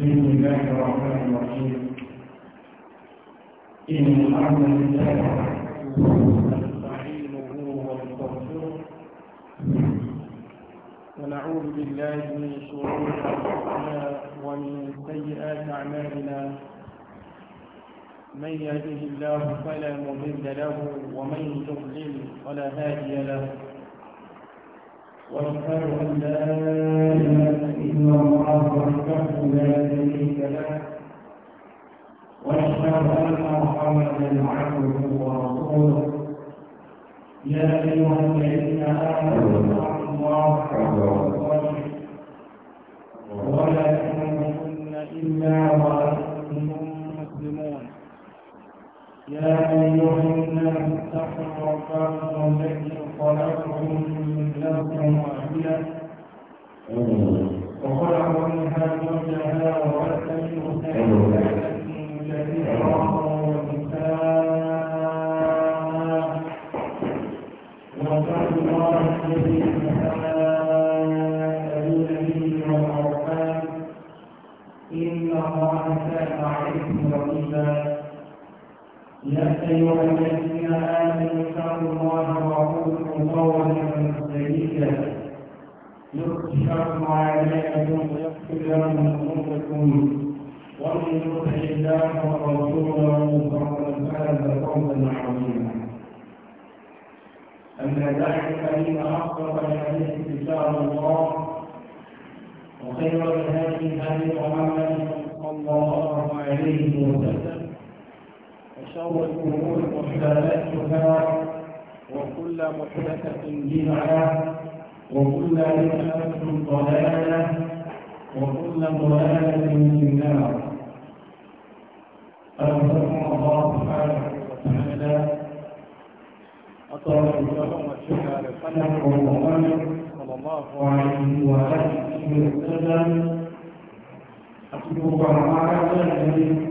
بسم الله الرحمن الرحيم إن الحمد لله نستعينه ونستغفره ونعوذ بالله من شرور أنفسنا ومن سيئات أعمالنا من يهده الله فلا مضل له ومن يضلل فلا هادي له واشهد ان لا اله الا الله وحده لا واشهد ان محمدا عبده ورسوله يا ايها الذين امنوا اتقوا الله حق تقاته ولا تموتن الا وانتم يا أيها الناس اتقوا ربكم الذي خلقكم من نفس واحدة وخلق منها زوجها وبث منهما كثيرا ونساء الله الذي إن الله عليكم يا أيها الذين آمنوا اتقوا الله وقولوا قولا سديدا يغفر لكم عليكم ويغفر لكم ذنوبكم ومن يطع الله ورسوله فقد فاز فوزا عظيما أما بعد فإن أصدق الحديث كتاب الله وخير الهدي هدي محمد صلى الله عليه وسلم وشر الأمور محدثاتها وكل محدثة بدعة وكل بدعة ضلالة وكل ضلالة في النار أرحم الله سبحانه وتعالى أطلب لكم الشكر لقلبه ومؤمنه صلى الله عليه وآله وسلم أطلب معاذ الذي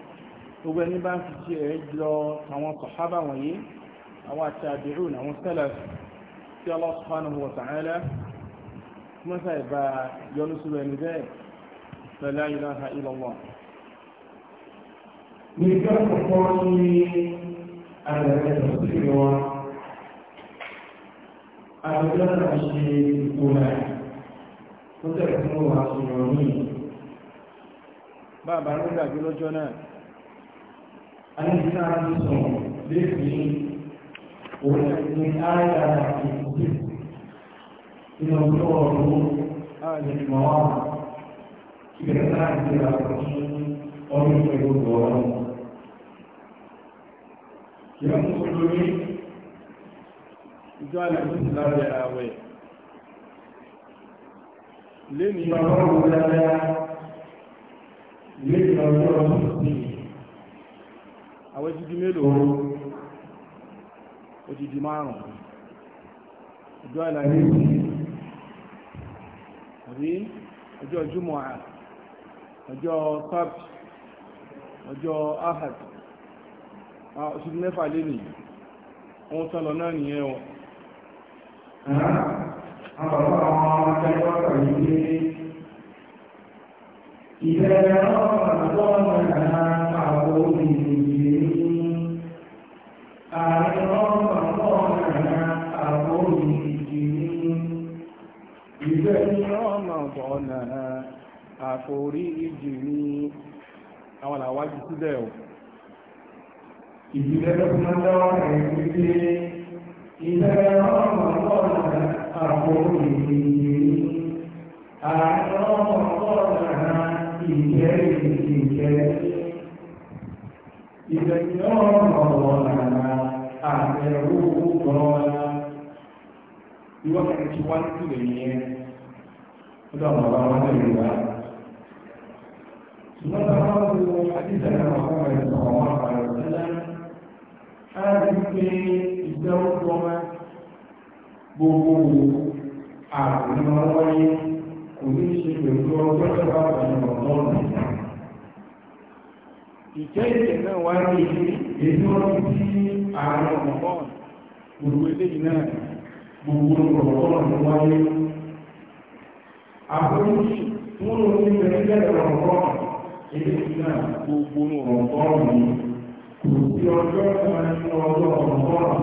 gbogbo ẹni bá ń fi tí ẹ̀ lọ àwọn sàhábà wọ̀nyí àwọn àtàbírùn àwọn salaf tí Allah subhanahu wa ta'ala mọ́sá ìbá yọnu sí ẹni bẹ́ẹ̀ la ilaha illallah nìkan kọ̀kọ́ ní àlẹ́rẹ́ ìrọ̀sílẹ̀ wọn àlẹ́rẹ́ ṣe ipò rẹ̀ tó tẹ̀lé fún wa ṣe yọ̀ bàbá ń gbàgbé lọ́jọ́ náà àyíká sọ lẹ́sìn òun ni àyà ìkùnkùn nínú ọjọ́ ọ̀rọ̀ àyẹ̀mọ́ ìbẹ̀rẹ̀ náà ti rà ọdún pẹ̀lú ọ̀rọ̀. Ìyá mú olórí ìjọ àlẹ́kùn sí lábẹ́ ààwẹ̀. Lé ní ọjọ́ ọ̀rọ̀ dáadáa, lé ní ọjọ́ ọ̀rọ̀ sí àwẹ̀ dídí mélòó ó dídí márùn-ún ọjọ́ ìlànà àbí ọjọ́ jùmọ̀ ọjọ́ sábt ọjọ́ ahad oṣù mẹ́fà lé nìyí wọ́n tán lọ náà nìyẹn wọn Ìjẹ́ ọ̀rọ̀ àwọn ọmọ ìrìnà àwọn òmìnirí ààrẹ ọlọ́pàá ọ̀nà àwọn olùdíje ní ìgbẹ́ ní ọmọ ọ̀nà àforí ìjì ní àwọn àwájú sílẹ̀ ò ìjìlẹ̀ tó máa dáwà ẹ̀rí pé ilẹ̀ ọmọ ọ̀nà àforí ìjì ní ààrẹ ọmọ ọ̀nà ìjẹ́ ìjì ìjẹ́ ìjẹ́ ọmọ ọ̀nà àbẹ̀rù gbọ́ọ̀lá ìwọ́kẹ̀kẹ̀ tí wọ́n ti lè yẹn lọ́dọ̀ àwọn ọ̀rọ̀ wọn lè wá. ṣùgbọ́n bá wọ́n ti wọ àdìsẹ́ àwọn rẹ̀ sọ̀rọ̀ wọn á rí pé gbogbo wáyé kò ní ṣe pẹ̀lú ọjọ́ tó bá wà ní ìjẹ́ ìjẹ́ náà wáyé èyí ti àwọn ọmọkọ́n gbogbo ilé náà gbogbo ọmọkọ́n wáyé àkọ́kọ́sí wọ́n lọ sí ìrẹ́lẹ́ ọmọkọ́n ilé náà gbogbo ọmọkọ́n kò sí ọjọ́ kan ní ọjọ́ ọmọkọ́n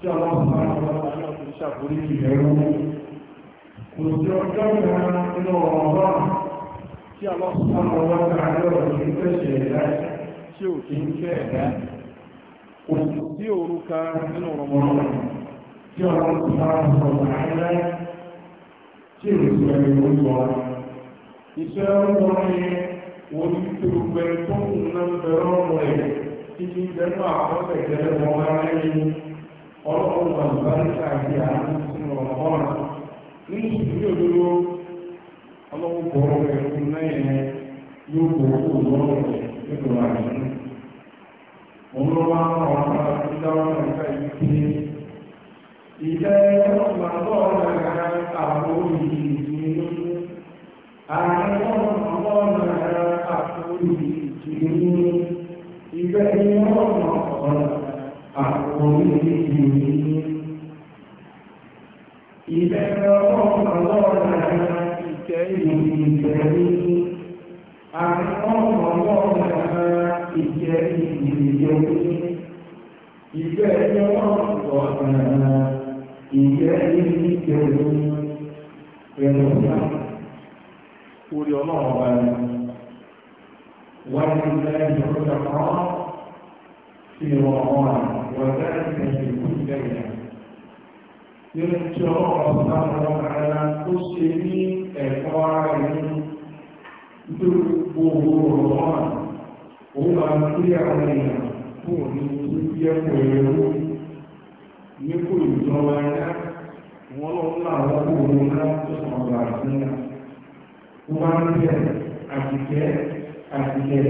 tí ọlọ́pàá ọlọ́pàá ọlọ́pàá ti ṣàkórí ìrẹ́rú kò sí ọjọ́ kan ní ọmọkọ́n tí ọlọ́pàá sí tí ọmọ ti máa ń sọ tí èsì ẹ̀rẹ̀ ọmọ ni wọ́n ti tó ń ná bẹ̀rẹ̀ sínú ọmọ nínú ìdílé òdodo ọlọ́wọ́ bọ̀rọ̀ ẹ̀kún náà yẹn yóò bọ̀ ó lọ́rọ̀ òun ló máa ń rọrùn máa fi dáwọn ẹ̀ka ìjẹ́ ọ̀gbà tó ọ̀rọ̀ ẹ̀ka àwọn olùyí ìtìlẹ̀ ìjẹ́ ìjẹ́ òkúté ìfẹ́ ẹjọ́ wọn sọ ọ̀nà ìjẹ́ ìjẹ́ òkúté pẹ̀lú ọ̀nà orí ọlọ́run ọba ni wọ́n ti lẹ́yìn ìjọba kan sí wọn tí ọlọ́run ọba wọn ara tó ṣe ní ẹ̀kọ́ ara ìlú gbogbo ọ̀rọ̀ wọn òun máa ń pé àwọn èèyàn fún òní tó jẹ́ pẹ̀lú ní kò ìjọba ẹ̀dá wọn lọ ń láwọn kò wọn náà tó sàn ọ̀gá àtúnyà ó máa ń bẹ̀ àtìkẹ́ àtìkẹ́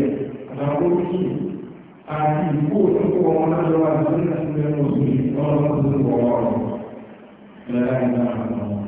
àtàkókì àti ìkó òtúkọ wọn náà lọ àtúnyà sí ẹnu òsì ọlọ́run tó ń bọ̀ ọ́ ẹ̀dá ìdáhùn náà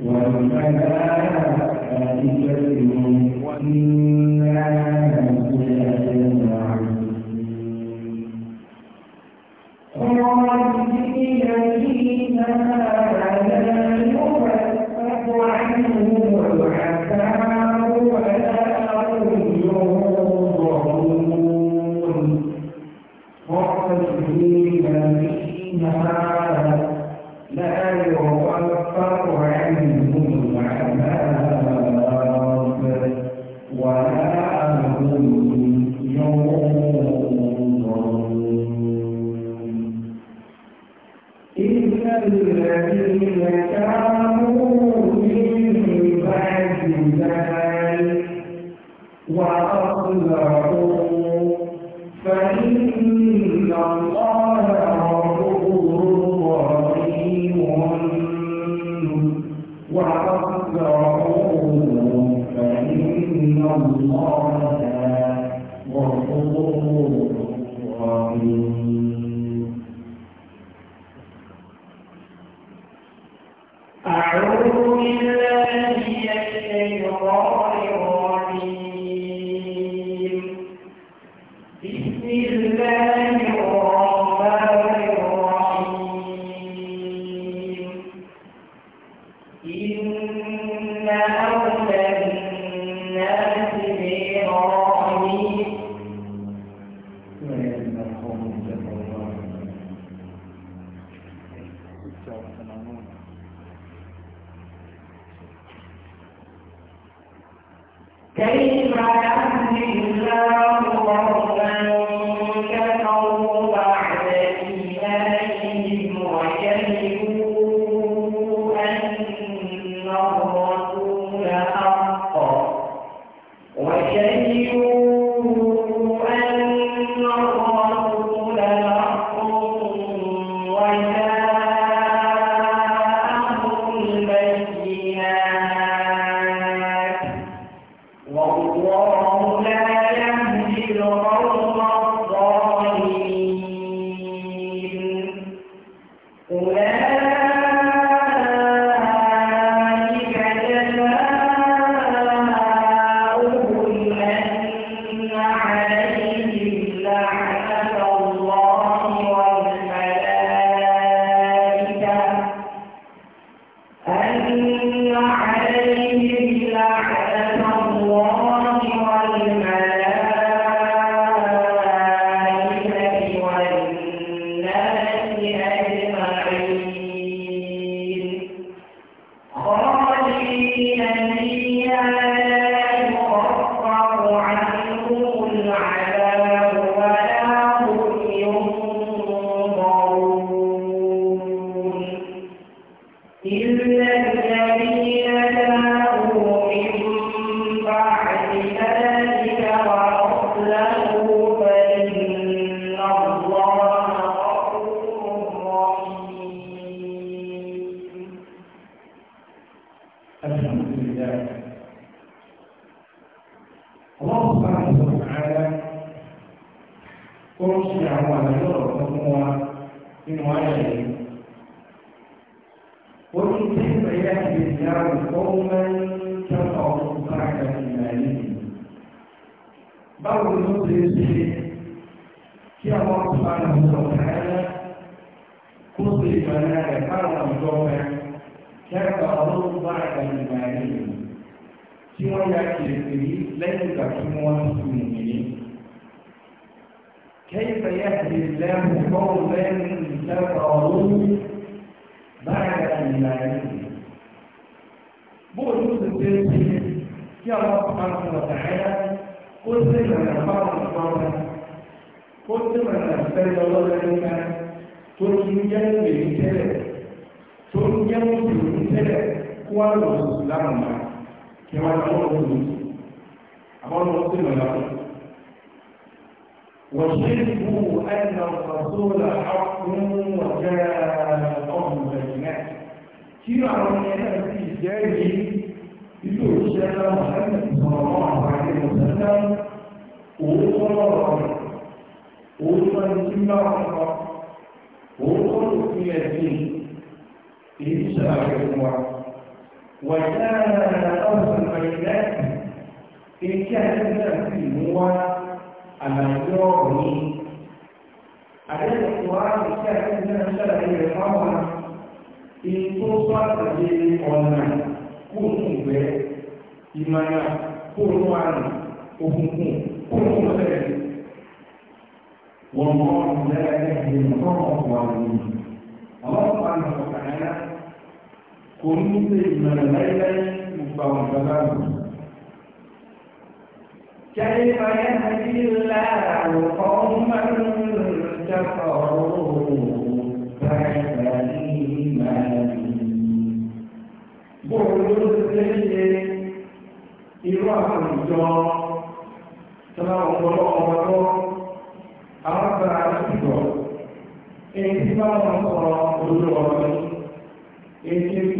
والملائكة كثير أعوذ سبحانه وتعالى كتب لنا كرم جوفا كما أظن بعد المعلم سوى يكفي لن تكون مسلمين كيف يهدي الله قوما كفروا بعد إيمانهم بوجود مسلم يا رب سبحانه وتعالى قل سيدنا بعض القوم ó ti màtà fẹ́ lọ́wọ́ lẹ́yìnká tó ti jẹ́ ìgbèlú tẹ́lẹ̀ tó ń jẹ́ mùsùlùmí tẹ́lẹ̀ kó wá lọ sùn láàmà kí wọ́n lọ wọ́n lọ sùn àwọn ọmọ sí màtà fún. وشركوا أن الرسول حق وجاءهم بالبينات tí àwọn ẹ̀yà ti jẹ́ yìí nínú òṣìṣẹ́ náà ṣẹ́yìn sọ̀rọ̀ àwọn àti ìmọ̀sẹ́lẹ̀ òun tọ́lọ̀ rẹ̀ òun máa ń tí bá wọn kọ òun kọ́ ló fi ẹ̀sìn èyí ṣàlàyé fún wa wọ́n yá ọ̀sán àyẹ̀dá èyí àyẹ̀dá sì mú wá àlàyé ọ̀rọ̀ yìí àyẹ̀dá tó wá èyí àyẹ̀dá ṣàlàyé rẹ̀ fáwọn èyí tó bá tẹ̀lé ọ̀nà kóòtù ìgbẹ́ ìmọ̀nà kóòtù àrùn òkùnkùn kóòtù ọ̀sẹ̀ yìí. والله لا يهدي القوم الظالمين الله سبحانه وتعالى قلوب من الليل مستوجبات كيف يهدي الله قوما كفروا بعد إيمانهم بولو سيئ إرواح الجار تناول الله àwọn ọ̀gbọ̀n àwọn ìgbọ̀ títà àti èyí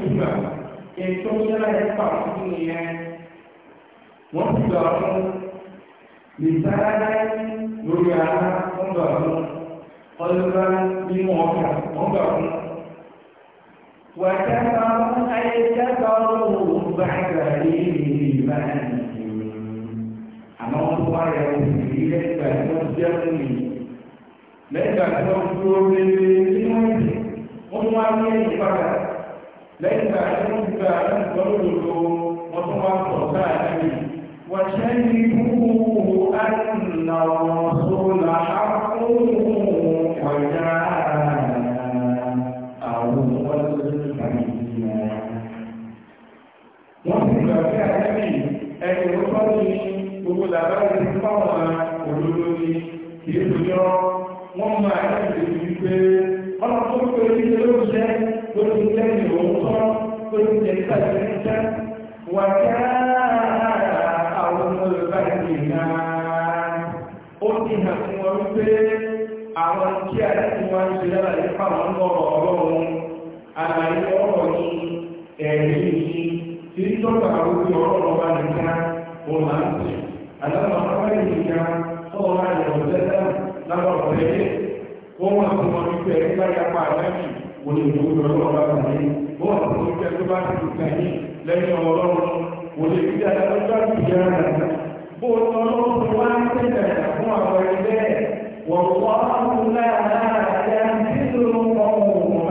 tí gbà èyí fún nìyẹn wọ́n ti gbà fún lè sáré lórí ara wọ́n fún ọlọ́gbà nínú ọkàn wọ́n fún وكفروا أي كفروا بعد إيمانهم أما الله يقول لك فنجرني lẹ́gbà tí wọ́n dúró lélẹ̀ nínú ìdí wọ́n wá ní ẹ̀yìn padà lẹ́gbà tí wọ́n ti gba àdáǹkọ́ lòdòdó wọ́n tún wá pọ̀ sáà lẹ́yìn wọ́n ṣẹ́ ní kúkú ọjọ́ ìjọ rẹ̀ bó tọ́lọ́ fún wa ń tẹ̀lé fún àwọn ẹgbẹ́ wọ̀n wọ́n fún náà yá nínú ọ̀hún máa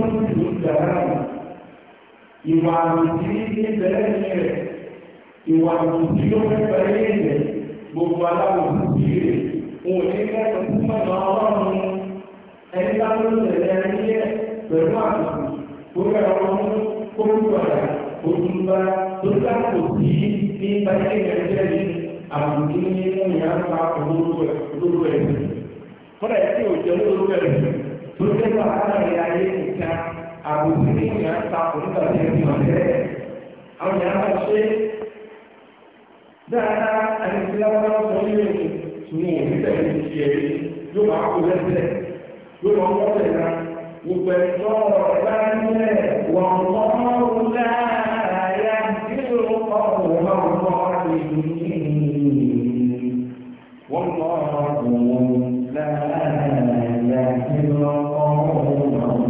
tó ń lù jàrá ìwà àmì tí ní bẹ̀rẹ̀ ní rẹ̀ ìwà àmì tí ó fẹ́ bẹ̀rẹ̀ ní rẹ̀ gbogbo aláwọ̀ sí rẹ̀ òun ní kẹ́kọ̀ọ́ fún mọ̀nà ọlọ́run ẹni bá ló tẹ̀lé ẹni yẹ pẹ̀lú àtùkù tó rẹ̀ ọlọ́run kó ń padà òtúnba tó dáàbò sí ní báyé ẹgbẹ́ ní àmì tí ní mú ìyá pa olóró ẹ̀ kọ́dà ẹ̀ tí ò jẹ́ olóró ẹ̀ tó jẹ́ pé àwọn ẹ̀yà ayé nìkan àbùkù ní ìyá ń ta onígbà tí ẹ̀sìn ọ̀rẹ́ àwọn ìyá máa ṣe dáadáa àti lábára sọ nílé ìtumọ̀ òbítẹ̀ ní ti ẹ̀rí yóò máa kó lẹ́sẹ̀ yóò máa kọ́ lẹ̀ náà gbogbo ẹ̀tọ́ ọ̀gá nílẹ̀ wọ̀n mọ́ láàyà nínú ọ̀rọ̀ náà wọ́n á lè ní والله لا إله إلا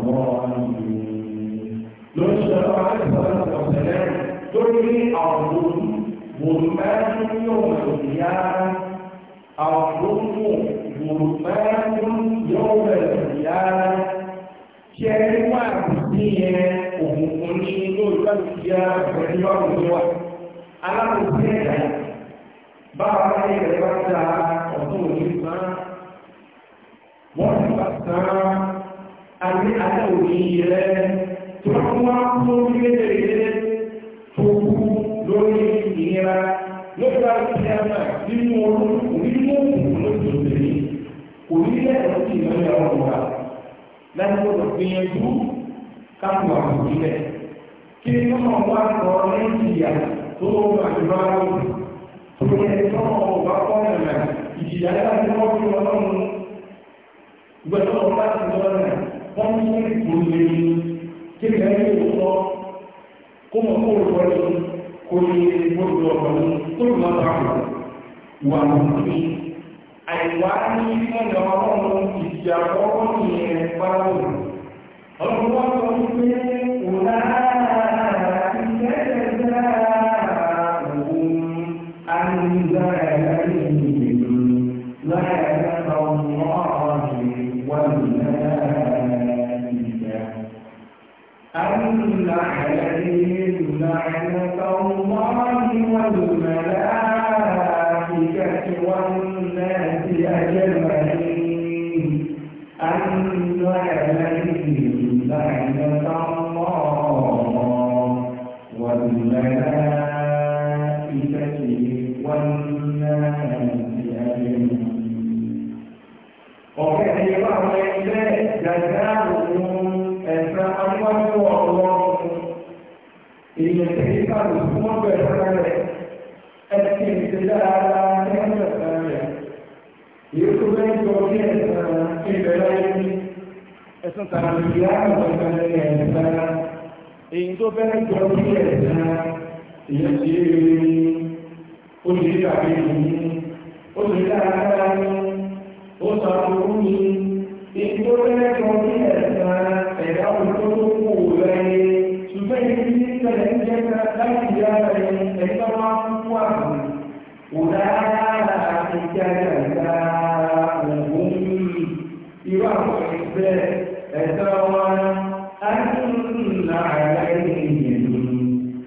الظالمين لن شفاعة الصلاة والسلام ترمي أرضهم ظلمات يوم القيامة أرضهم ظلمات يوم القيامة كلمة بسيئة ومؤمنين للقيامة في يوم القيامة أنا بسيئة بعد ذلك tí wọ́n wá mú lédèrèdè tó kú lórí ìnira lórí àtìyàmà nínú ọdún onímọ̀ òkú lóṣù tèmi kò ní lẹ́ẹ̀kọ́ sí ìmọ̀lẹ́ ọ̀rọ̀ ti lọ́rẹ̀ wọ́n mú ìpolówó kí ni ẹni tó sọ kó mọ̀ kó rọ̀ wọlé kó ní gbogbo ọ̀rọ̀ ní tó lọ́ bá wọ̀ wà lórí àìwá ní ìmọ̀nà ọlọ́run ìjì àkọ́kọ́ nìyẹn òun náà والملائكة والناس أجمعين أن عليهم لعنة الله والملائكة والناس أجمعين وكثيرا من جزاؤهم أساء الله الله إن كيف نسمع بحرمه ẹ̀sùn èyí tó fẹ́ jọ bí ẹ̀sán ìyẹn tí ó ní olùdíjà bí ní olùdíjà ara ní ó sọ ní èyí tó fẹ́ jọ bí ẹ̀sán ẹ̀dá olùkọ́ rẹ̀ ṣùgbọ́n èyí tí ó fẹ́ láti ìyá rẹ̀ ẹ̀sán wá أولئك جزاؤهم يوم أتوا أن عليهم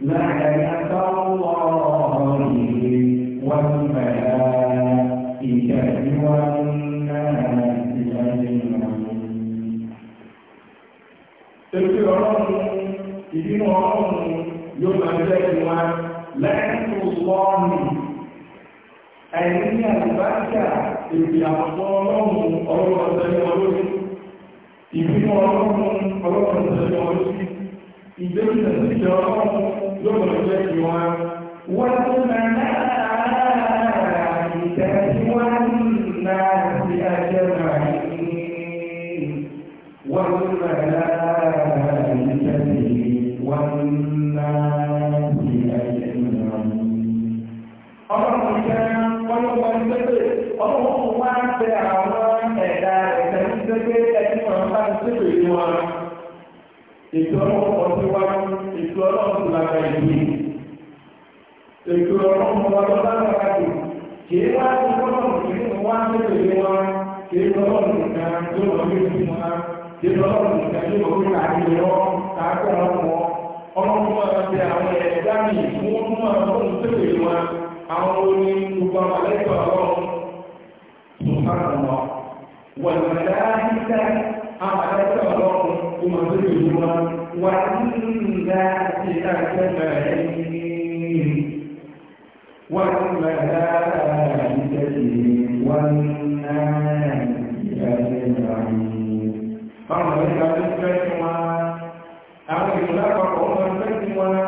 لعنة الله والملائكة والناس أجمعين. تذكر ربهم يدين ربهم يوم أجل لعنة الله ẹ̀rí àlùbáṣà èdè àpọ̀ ọlọ́run ọlọ́run ọ̀sẹ̀lẹ̀ ọlọ́rí ìbínú ọlọ́run ọlọ́run ọ̀sẹ̀lẹ̀ ọlọ́rí ìgbésẹ̀ síjọ ọlọ́run lọ́gbọ̀n jẹ́ ìwọ̀n wọ́n tún náà kìí wá sí ọlọ́run nínú wá nílé wọn kìí lọ́lọ́run nìkan tó lọ bí ojú wọn kìí lọ́lọ́run nìkan tó lọ bí àdìyẹ wọn káàkó ọ̀rọ̀ wọn ọlọ́run máa ti àwọn ẹ̀dá mi fún wọn fún ọlọ́run tó lè wọn àwọn oní gbogbo àmàlẹ́kọ̀ ọlọ́run tó fáwọn wọn wọ̀n lọ́dá níta àmàlẹ́kọ̀ ọlọ́run tó máa tó lè wọn wà nígbà tí a kẹ́ والملائكة والناس أجمعين فما لك بالفتوى أو يطلق أم الفتوى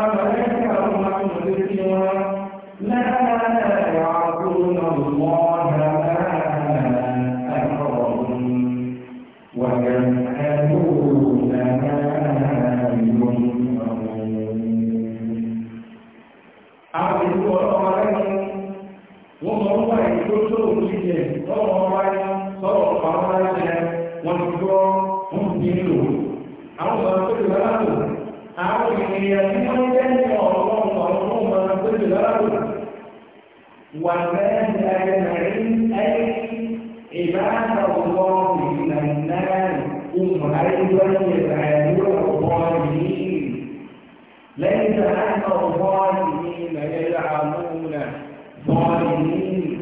أم لك أم الفتوى لا orúkọ ọlọ́wọ́ lẹ́nu wọ́n mọ orúkọ ìdúró tó òun ti jẹ lọ́wọ́ wáyé sọ̀rọ̀ àwọn aláṣẹ wọn ti gbọ́ wọn ti lò àwọn ọmọ akpẹ́jọ lálàbò àwọn ènìyàn tí wọ́n jẹ́ ní ọ̀rọ̀ ọ̀rọ̀ ọmọ akpẹ́jọ lálàbò wà lẹ́yìn ẹgbẹ̀rin ẹ̀yìn ìbára ọ̀gbọ́n ìlànà أم أيضا يتعامل الظالمين ليس أن الظالمين يعلمون ظالمين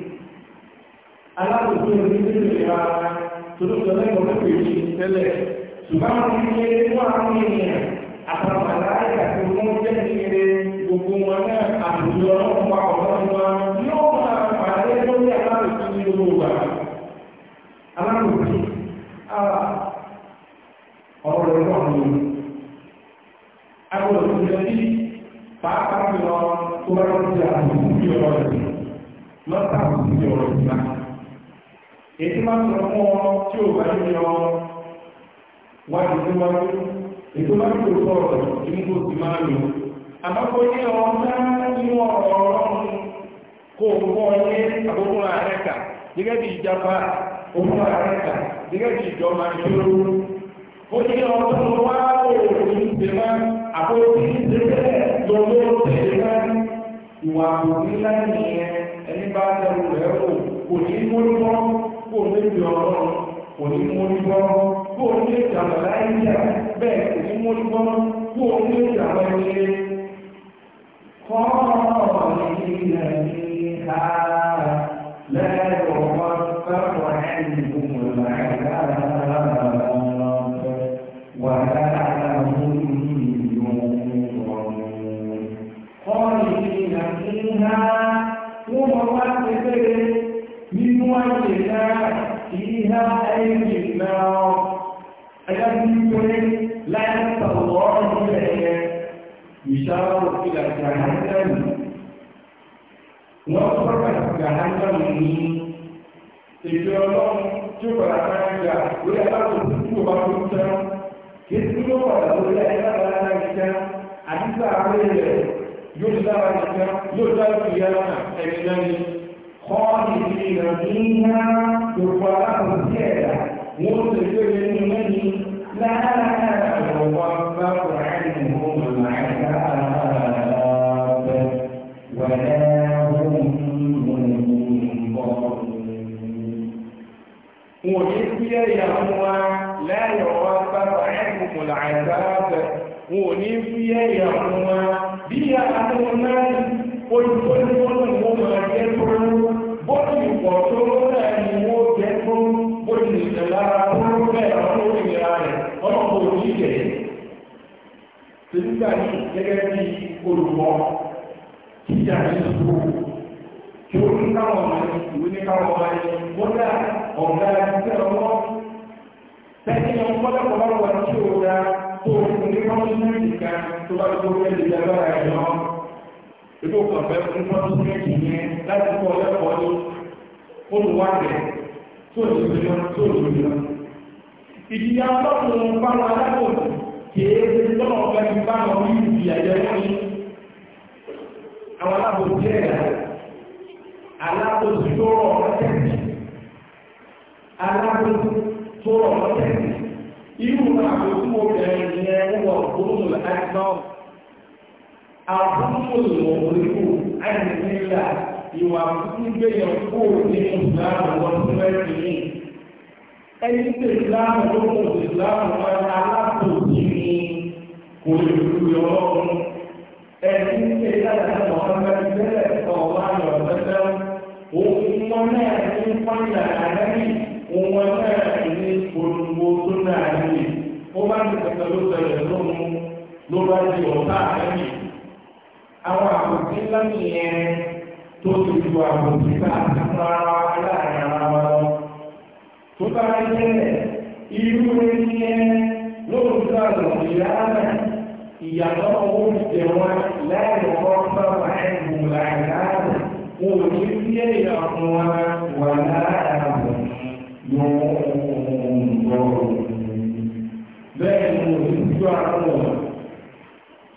alábòsí orí nínú ìlera tó ló sọ lẹ́gbọ̀n tó pè ní tẹ́lẹ̀ ṣùgbọ́n àwọn ilé wà ní ènìyàn àtàwọn àláìka tó mú jẹ́ ìrere gbogbo wọn náà àtúntò ọlọ́pàá ọ̀gbọ́n wọn yóò máa pàdé lórí alábòsí ní gbogbo wa alábòsí ọ̀rọ̀ rẹ̀ wà ní agbọ̀dọ̀ tó lọ sí pàápàá lọ tó bá wọ́n ti àdúgbò sí ọ̀rọ̀ rẹ̀ lọ́tà àdúgbò sí ọ̀rọ̀ rẹ̀ náà. Èyí máa ń sọ fún ọ tí ò bá yẹ ọ wá ti tó wájú. Ètò bá tó sọ ọ̀rọ̀ tí mo ti máa lò. Àbákọ́ yẹ ọ náà nínú ọ̀rọ̀ ọ̀rọ̀ kó o kọ́ yé àkókò ààrẹ kà gẹ́gẹ́ bí ìjàpá òkú ààrẹ kà gẹ́gẹ́ bí ìjọba ìṣòro. Ó ní ọdún wá òòrùn ìṣẹ̀lá àbójú ìṣẹ̀lẹ̀ lọ́wọ́ ìṣẹ̀lá ìwà àbòrí láìní ẹ ẹni bá tẹrù rẹ̀ wò kò ní mójúbọ́ kò ní bí ọ̀rọ̀ kò ní mójúbọ́ kò ní ìjàmbá láìjà bẹ́ẹ̀ kò ní mójúbọ́ kò ní ìjàmbá ilé kọ́ọ̀ọ̀lẹ́yìn nàìjíríà lẹ́ẹ̀kọ̀ọ́ ìhà wọ́n mọ̀ wá pẹ́pẹ́rẹ́ nínú àyè náà ìhà ẹ̀yìn náà ẹ̀yà tí ń pẹ́ láì sọ̀rọ̀ ọ̀rọ̀ ẹ̀yẹ ìṣàrò ìlà jàǹdàmù wọ́n sọ̀rọ̀ jàǹdàmù ní ètò ọlọ́run tí ó padà máa ń gbà lórí aláwọ̀ tí ó bá tó tán kí ó padà lórí aláwọ̀ tí ó bá tó tán àdúgbò àwọn ilẹ̀ يجزى القيامة أجنبي خالدين فيها يفرق الزيادة مستقر مني لا يوفق عنهم العذاب ولا هم ونسي يهوى لا يوفق عنهم العذاب ونسي يهوى bí àtàwọn náà olùkọ́ ní wọ́n ní wọ́n máa jẹ́ fún bọ́ọ̀lù ìpọ̀ tó lọ́nà ni wọ́n jẹ́ fún bọ́ọ̀lù ìtẹ̀lára fún bẹ́ẹ̀ àwọn olùyà rẹ̀ ọmọ kò ní ìjẹ́ tẹ̀síkà ní gẹ́gẹ́ bí olùkọ́ ìjà ìṣòro tí ó ní káwọn ọmọ ní ìwé ní káwọn ọmọ ní bọ́dà ọ̀gá ìṣẹ́ ọmọ tó ní kọ́ńtínẹ́ǹtì kan tó bá tó fẹ́ lè dábàá ẹ̀ lọ. Ebí o kàn fẹ́ fún kọ́ńtínẹ́ǹtì yẹn láti kọ́ ẹ̀kọ́ ní olùwádẹ̀ tó lè fi lọ tó lè fi lọ. Ìdíyà ọlọ́run báwọn alábòsí kìí ṣe tọ́nà ọ̀gá ti bá wọn ní ìdí àjẹmọ́ ní àwọn alábòsí ẹ̀yà alábòsí tó rọ̀ ọ́ irú àbòkú obìnrin yẹn wọ gbóòmù àìsàn àbúrò òwúrò àìníla ìwà gbígbéyàn kó ní ìsìláàmù wọn tó mẹ́rin ní ẹni tí ìsìláàmù ló mú ìsìláàmù wọn alábòsí ni kò lè fi ọlọ́run ẹni tí ìsìláàmù wọn mẹ́rin tẹ́lẹ̀ sọ̀rọ̀ wá lọ́sẹ̀sẹ̀ òun wọn náà ń pààyàn àgbẹ̀yìn wọn náà ní polongo tó náà ní ó bá ní kẹta ló ṣẹlẹ̀ lóhun ló bá di ọ̀tá àtẹ́yìn àwọn àkòtí ńlá nìyẹn tó ti ju àkòtí ká àtàkùn ara wa láàrin ara wa lọ tó bá jẹ́ irú ẹni yẹn lóòótọ́ àlọ́ ìyáàmà ìyàtọ̀ owó ìjẹ wọn láàrin ọkọ̀ sábà ẹ̀bùn làǹkà wọn ò ní sí ẹ̀yà wọn wà láàrin àbọ̀. ينظرون بل يسمعون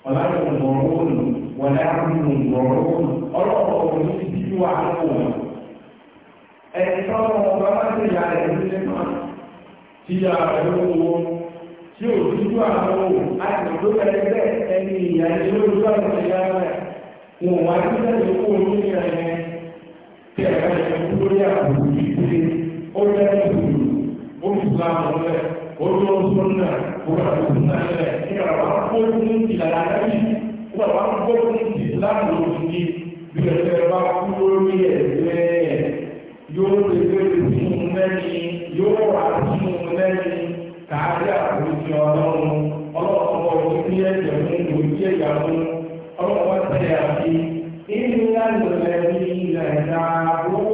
ولا ينظرون ولا ينظرون ọlọ́pàá ní ìdíjú àwọn ẹ̀sọ́ ọba láti ìyá rẹ̀ nílé máa tí a rẹ̀ lówó tí ò díjú àwọn àti ìgbókẹ̀lẹ́gbẹ̀ ẹni ìyá ilé ó bẹ́ẹ̀ ní ìlú ó fi gba àwọn ọ̀rẹ́ ó tó ń sọ náà ó bá tó ń náà lẹ̀ nígbà wà á kó fún ìlànà àdáyé nígbà wà á kó fún ìlànà òṣìṣẹ́ bí ẹ̀fẹ́ bá kú lórí ẹ̀fẹ́ yóò lè bẹ̀rẹ̀ sí un lẹ́yìn yóò wà sí un lẹ́yìn káàdì àkójọ ọlọ́run ọlọ́run ọ̀rọ̀ ní ẹ̀jẹ̀ mú lórí ẹ̀yà mú ọlọ́run wá tẹ̀lé àti ìlú lánàá lẹ́yìn ìlànà àbúrò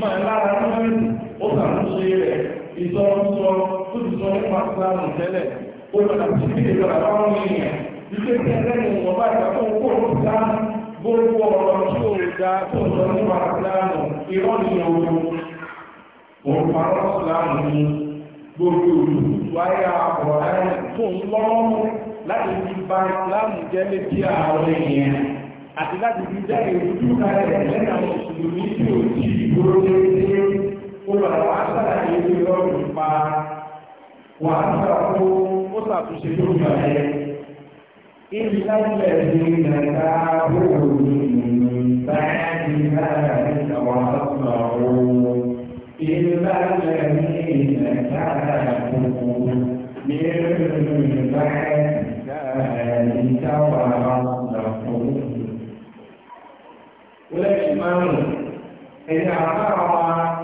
máa lára ní ọ̀rẹ́dì ó kà ń tó ti sọ nípa ìsìlámù tẹ́lẹ̀ ó padà sí ilé ìjọba báwọn èèyàn ilé tí ẹlẹ́yìn wọn bá ìgbà tó ń gbogbo ọ̀rọ̀ tí ó lè dá tó sọ nípa ooru ni gbogbo ayé tó ń lọ́rùn láti fi ba jẹ́ àti láti fi jẹ́ ó padà wá sàlàyé tó lọ́rùn nípa wà á sọ̀rọ̀ fún ó ṣàtúnṣe tó gbà ẹ́ ìlú láìpẹ́ sí nàìjíríà bóòlù báyìí náà nígbà wà á sọ̀rọ̀ إلا الذين كفروا من بعد ذلك وأصلحوا ولكن إن أعترض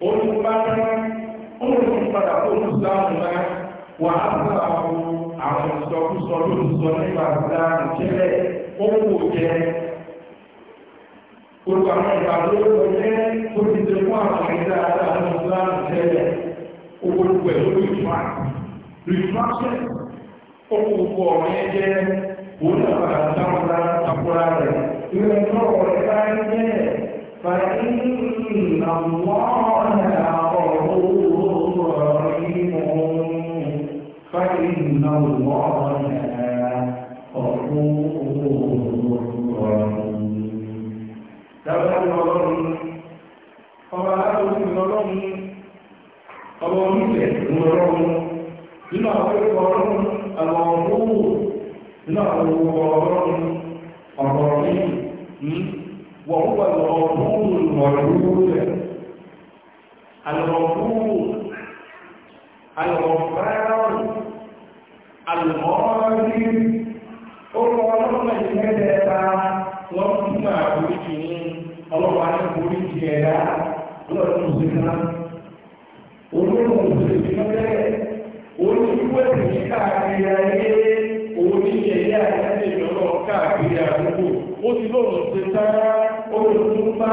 olùpàdánù olùpàdà tó ń sá ọ̀nà wà á sọ àwọn àwọn ìsọkúsọ lóòótọ́ nípa ìgbà ìjẹ́lẹ̀ owó فإن الله وهو الغفور الودود الغفور الغفار الغافر orúkọ ọlọ́pàá ìgbẹ́jẹ́ ta wọ́n tún máa borí jù ní ọlọ́pàá ní borí jù ẹ̀dá lọ́dún ìṣẹ́ká olóòrùn ìṣẹ́ká bẹ́ẹ̀ olóòrùn ìwé ìṣẹ́ká ayẹyẹ ó ti lóòrùn ṣe sára olóòrùn bá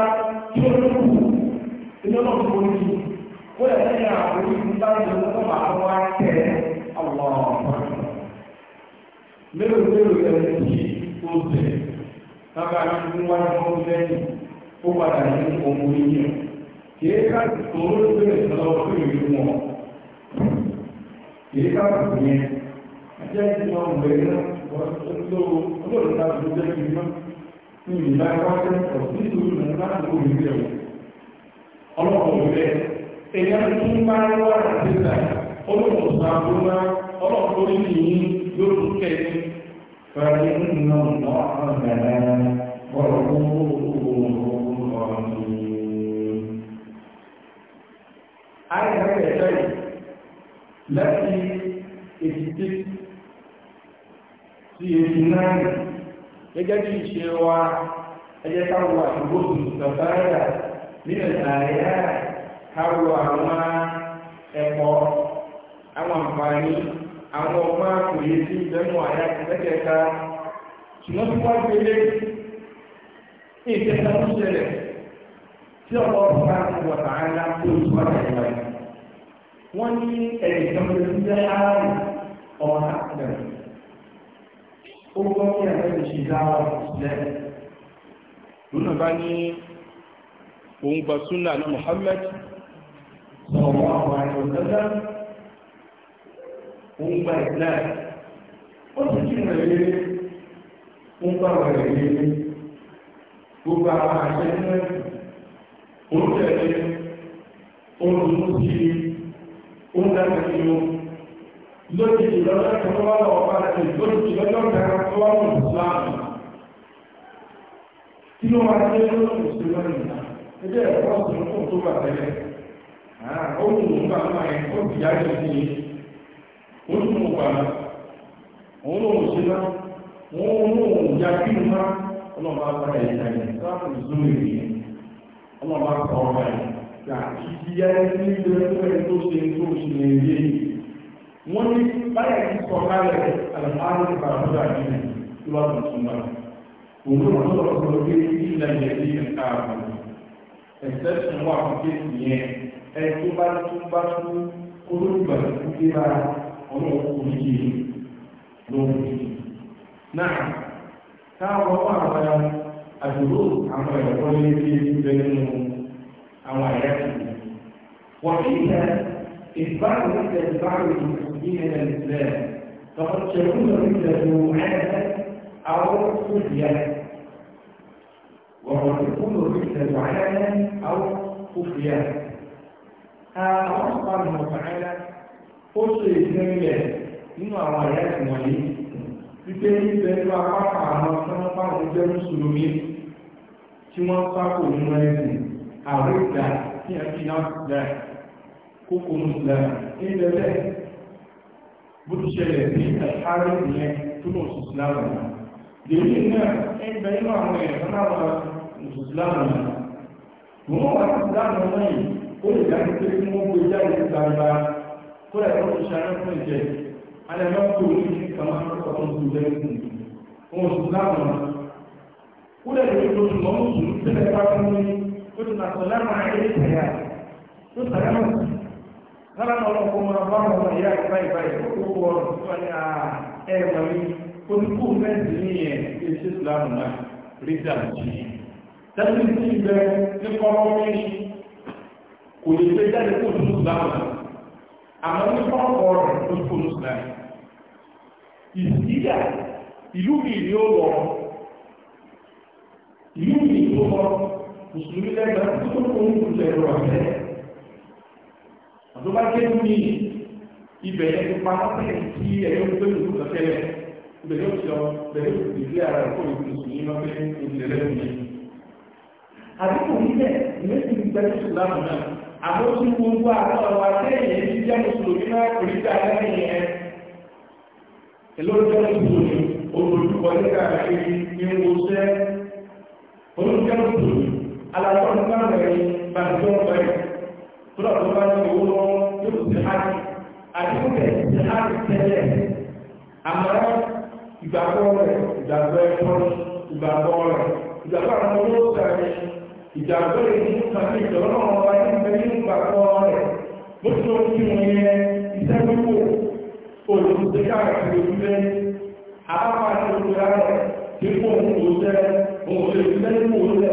tí ó ló kù iná náà tó ní kó lè lẹ́yìn àwọn olóòrùn bá ní ọmọ máa wá tẹ̀ ọ̀wọ́ mélòó mélòó ẹni tí ó tẹ̀ lábẹ́ àwọn tí wọ́n wá ní lẹ́yìn ó padà ní ọmọ yíyan kì í ká tòun ló bẹ̀rẹ̀ lọ́wọ́ fún ìlú wọn kì í ká tòun yẹn ajẹ́ ìdíwọ̀n bẹ̀rẹ̀ náà wọ́n tó lóòrùn láti lóòrùn ní ìlà wájú nítorí ìlú láti kó ìlú ẹ̀wọ̀. ọlọ́pàá òbẹ̀ èèyàn tó ń bá wà láti ìlà olóòtú sàbúrúmá ọlọ́pàá orí nìyí yóò tún kẹ́ni. fẹ́rẹ́ gẹ́gẹ́ bí ìṣe wa ẹjẹ́ káwọ nínú àyà káwọ àwọn àwọn àǹfààní àwọn ọmọ sí àyà ṣùgbọ́n tí wọ́n tó ṣẹlẹ̀ tí ọ̀pá wọ̀tà ńlá tó ní tó jẹ́ ààrùn ó gbọ́ kí òun gba súnà ní Muhammad sọ̀rọ̀ àwọn àìsọ̀tẹ́lá òun gba ìsìlẹ̀ ó sì kí ìrẹ̀lẹ́ òun gba ìrẹ̀lẹ́ gbogbo àwọn àṣẹ náà òun tẹ̀lé òun lòún sí òun dábẹ̀ sí lójijì lọ́jọ́ kan tó wá lọ́wọ́ padà sí lójijì lọ́jọ́ kan tó wá lọ́wọ́ ìsìláàmù kí ló wá dé lọ́wọ́ ìsìláàmù ẹgbẹ́ ẹ̀kọ́ ọ̀sán tó tó wà tẹ́lẹ̀ ah, ó mú un bá máa ẹ̀ ó bìyà jù sí i ó tún mú pa òun ló ń ṣe náà òun ló wọ́n ní báyà ní sọ̀kalẹ̀ alàmárùn ìbàdúrà nínú ìwà tuntun náà òun wọn sọ̀rọ̀ sọ̀rọ̀ pé ilẹ̀ ilẹ̀ ní ẹ̀ka ààbò exception wà fún kéèsì yẹn ẹ tó bá tún bá tún olóògbà tó dé bá ọmọ òkúrìkì lóhun yìí náà táwọn wà دين الإسلام فقد تكون مثله عادة أو كفية وقد تكون مثله عادة أو كفية هذا سبحانه وتعالى قصة إسلامية من الرايات المالية pẹ̀lú apáta àwọn jẹ́ mùsùlùmí tí wọ́n nínú ẹ̀sìn ìgbà tí a fi náà kókò mùsùlùmí ní bó ti ṣẹlẹ̀ ní àṣárí ìyẹn tó lọ sí ìsìláàmù náà lèyí náà ẹgbẹ́ inú àwọn èèyàn náà wà sí ìsìláàmù náà mo mọ́ wà sí ìsìláàmù náà yìí ó lè dájú pé kí wọ́n gbé jáde sí gbangba kó lè tó ṣe ara fún ìjẹ alẹ́mọ́ tó ní kí ọ̀tún tó jẹ́ sí ohun ìsìláàmù náà lára náà lọ́wọ́ fún ọmọ ọmọ ìyá ìgbà ìgbà ìgbòkó ọ̀rọ̀ tó wà ní ẹ̀rọ mi oníkó mẹ́sì ní ẹ̀ iṣẹ́ ìsìlámù náà rí dàbí tẹ́lú sí ibẹ̀ ní kọ́rọ́ mẹ́rin kò lè fẹ́ jáde kó ní ìsìlámù náà àmọ́ ní kọ́kọ́ rẹ̀ ló kó ní ìsìlámù ìsìyà ìlú mi ni ó lọ ìlú mi ni ó lọ mùsùlùmí lẹ́gbẹ̀ẹ́ tó tó kó ní ìlú ẹ̀rọ ọ̀fẹ́ ló bá gé ní ibẹ̀ yẹn tó pamọ́ pẹ̀lú tí ẹ̀yọ́ ń gbé ìlú kan tẹ́lẹ̀ ibẹ̀ yóò sọ bẹ̀rẹ̀ ìdílé ara rẹ̀ kó ìlú mùsùlùmí máa fẹ́ ìdílé rẹ̀ nìyẹn. àdínkù níbẹ̀ ìwé ti ń gbẹ́sẹ̀ sùn láàmú náà àmọ́ tí gbogbo àwọn ọ̀rọ̀ àtẹ́yìn ti jẹ́ mùsùlùmí náà kò ní dáa lẹ́yìn yẹn. ìlọ́jọ́ mùsùlùmí olùdókòwò nígbà kiri ní wọ́sẹ̀ olùjẹ́ mùsùlùmí alàtọ̀ nígbà rẹ̀ bàtí wọ́n bẹ̀rẹ̀ tóra tó bá ní owó lọ́wọ́ yóò ṣe hajj àdéhùn tẹ̀ ṣe hajj tẹ́lẹ̀ àmọ́ ìgbàgbọ́ rẹ̀ ìgbàgbọ́ ẹ̀kọ́ ìgbàgbọ́ rẹ̀ ìgbàgbọ́ àwọn ọmọ yóò sàrẹ̀ ìgbàgbọ́ rẹ̀ ní kàfé ìjọba náà wọ́n wáyé ń bẹ ní ìgbàgbọ́ rẹ̀ bó ti lọ sí wọn yẹ iṣẹ́ gbogbo olùdókè káàkiri òṣìṣẹ́ àbápa àti òṣìṣẹ́ rẹ̀ tí kò ń kò sẹ́ òun ò lè fi lẹ́yìn kò sẹ́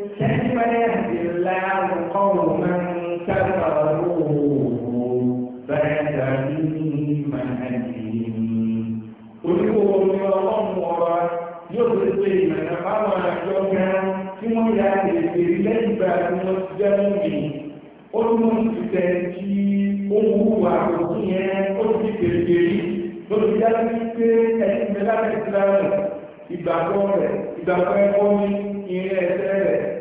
كيف يهدي الله قوما كفروا فيهديهم Orí owó ni ọlọ́run ọba yóò lè pe ìmọ̀nà fáwọn àjọ kan tí wọ́n ya èdè lẹ́yìn ìgbà tí wọ́n ti jẹ́ lómi. Ó ní wọ́n ti tẹ̀ kí ohun wà yẹn ó ti tètè rí lórí yára ní pé ẹni mẹ́ta ìgbàgbọ́ rẹ̀ ìgbàgbọ́ ẹ̀kọ́ ní ìrìn ẹ̀sẹ̀ rẹ̀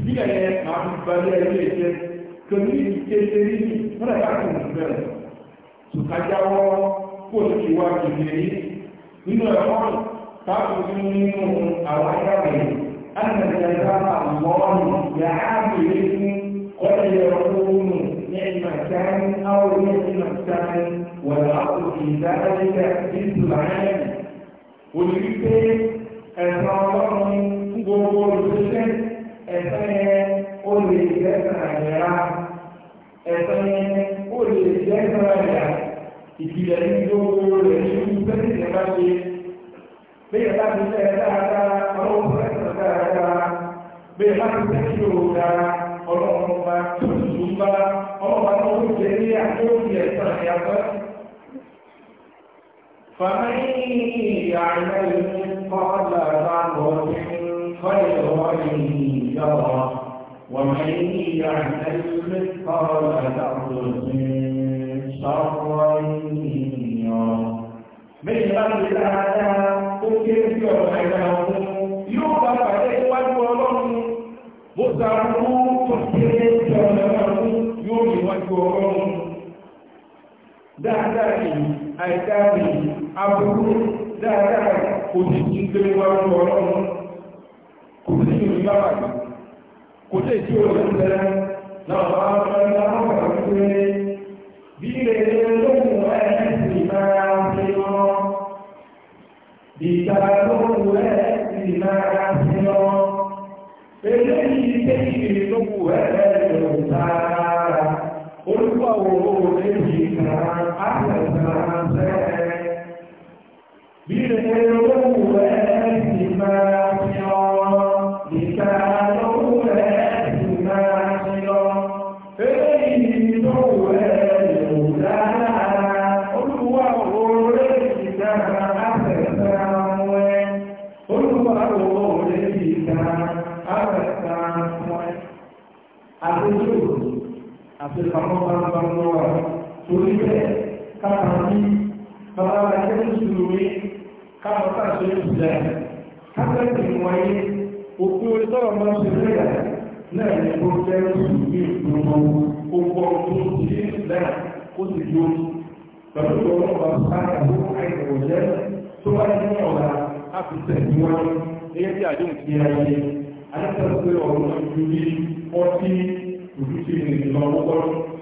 ìbílẹ̀ yẹn máa fi balẹ̀ ilé iṣẹ́ tòní ìkéṣeré ní wọ́n lè láti mú bẹ́ẹ̀ sùkájáwọ́ kó o ti wá kékeré nínú ẹ̀kọ́ táàbù tó nínú àwọn ayáwó yìí ánàlẹ́ ìdáná àmọ́ọ̀nù yà á bèèrè fún ọ̀rẹ́ ọ̀rọ̀kùnrin ní ìmọ̀tán tí o da ọlọ́run bá tuntun bá ọlọ́run bá tó ń jẹ ní àkókò ẹ̀sán ní abẹ́. فمن يعمل مثقال ذرة خيرا يره ومن يعمل مثقال ذرة شرا يره. من أمر الآدم أكرم يوم bó ta mú tó kéré jọmọ ẹ̀rọ yóò rí wájú ọlọ́run dáadáa yìí àìdáa yìí aburú dáadáa kò sí ti ń gbé wájú ọlọ́run kò sí ìrìn bá bàbá kò sí èsì òwe ń bẹ̀rẹ̀ náà bá bá ń bá wọn kà wípé bí ilẹ̀ ilé lóhùn ẹ̀ẹ́sì máa ń fi wọn ìgbà lóhùn ẹ̀ẹ́sì máa ń fi wọn eléyìí méjì ní ló wù ẹ̀rẹ́ lò tààrà orúkọ òwò méjì kàrà àtẹ̀sàrà sẹ́ẹ̀ bí ẹ̀rẹ́ ló wù ẹ̀rẹ́ sì máa fi ọ́ bá ń lọ́wọ́ torí bẹ́ẹ̀ káàkà ní bàbá ẹgbẹ́ mùsùlùmí káàkà káàkiri ìjìlẹ̀ káàkiri ìwọ̀nyí òkú ìtọ́rọ̀ máa ń ṣe lẹ́yà náà ní kó jẹ́ mùsùlùmí ìgbìmọ̀ gbogbo ọdún sí lẹ́yà ó sì dúró pẹ̀lú ìwọ̀n bá káàkiri àìkọ̀wọ̀ jẹ́ tó wá ní ọ̀la á fi tẹ̀síwájú gẹ́gẹ́ bí àdéhùn ti ayé alẹ́sẹ̀ pé ọ̀rọ̀ náà ju bí ọtí òtútù ìrìnlọ́wọ́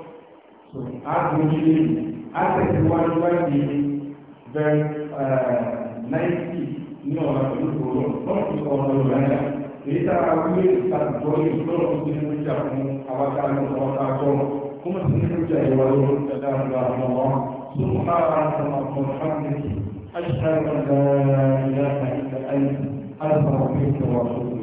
So arguably, after the one why the very nice nicely knew about the problem, not to all the land. Later, I will start drawing a lot of things which are from our time to our time. كما سمعت يقولون كلام الله سبحانك اللهم وبحمدك أشهد أن لا إله إلا أنت أستغفرك وأتوب